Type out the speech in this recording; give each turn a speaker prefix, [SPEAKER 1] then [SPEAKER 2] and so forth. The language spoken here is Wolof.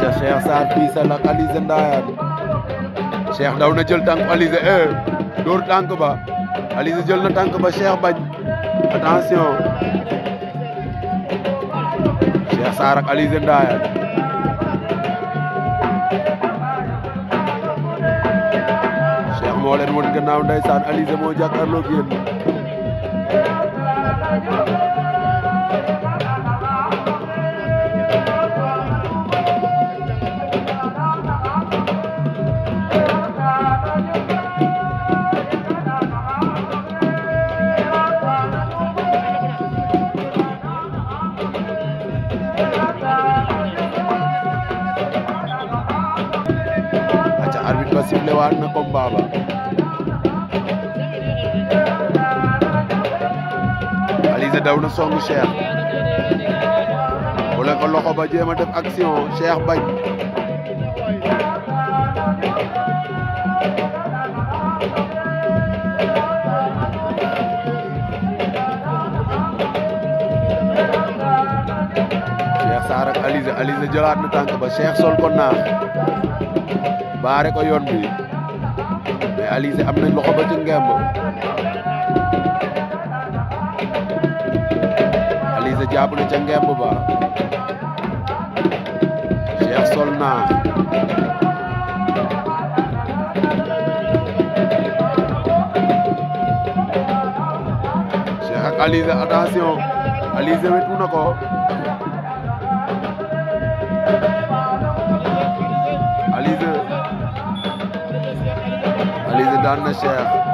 [SPEAKER 1] ca Cheikh Sarr fils a nak Alizé Ndayane Cheikh daw na jël tànk Alizé eh dóor tànk ba Alizé jël na tànk ba Cheikh bañ attention Cheikh Sarr ak Alizé Ndayane Cheikh moo leen woon gannaaw ndeysaan Alizé moo jàkkaarloo ak yéen ba na combat ba Alizé daw na songu Cheikh bu la loxo ba jéem a def action Cheikh bañ Cheikh Sarr ak Alizé Alizé na tànk ba Cheikh sol ko naax baare ko yoon bi mais Aliou Cissé am nañ loxo ba ci ngemb Aliou Cissé jàpp na ca ngemb ba sol naa
[SPEAKER 2] Cheikh ak Aliou Cissé attention Aliou Cissé wetu ko اللي درنا شيخ